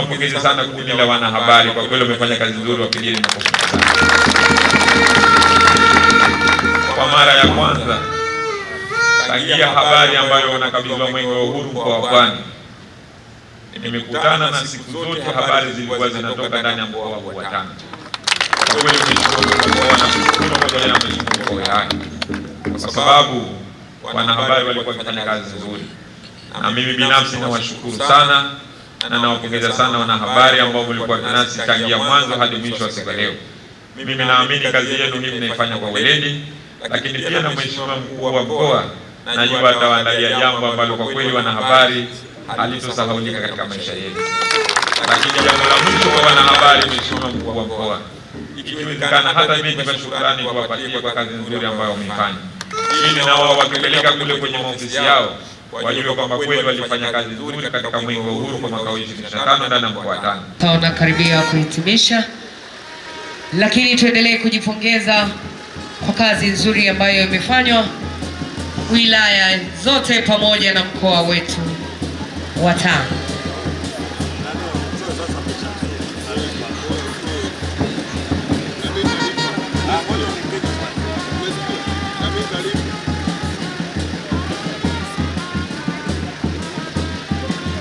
niwapongeze sana kundi la wanahabari, kwa kweli wamefanya kazi nzuri, wapigie makofi sana. Kwa mara ya kwanza tangia habari ambayo wanakabidhiwa mwenge wa uhuru mkoa wa Pwani, nimekutana na siku zote habari zilikuwa zinatoka ndani ya mkoa wa Tanga. Kwa kweli nashukuru kwa sababu wanahabari walikuwa wakifanya kazi nzuri, na mimi binafsi nawashukuru sana na nawapongeza sana wanahabari ambao mlikuwa nasi tangia mwanzo hadi mwisho wa siku leo. Mimi naamini kazi yenu hii mnaifanya kwa weledi, lakini pia na mheshimiwa mkuu wa mkoa najua atawaandalia jambo ambalo kwa kweli wanahabari halitosahaulika katika maisha yetu. Lakini jambo la mwisho kwa wanahabari, mheshimiwa mkuu wa mkoa, ikiwezekana hata mimi kwa shukrani kuwapatia kwa kazi nzuri ambayo wameifanya, ili wao wakipeleka kule kwenye maofisi yao wajue kwamba kweli walifanya kazi katika wa uhuru kwa mwaka kuhitimisha, lakini tuendelee kujipongeza kwa kazi nzuri ambayo imefanywa wilaya zote pamoja na mkoa wetu wa Tanga.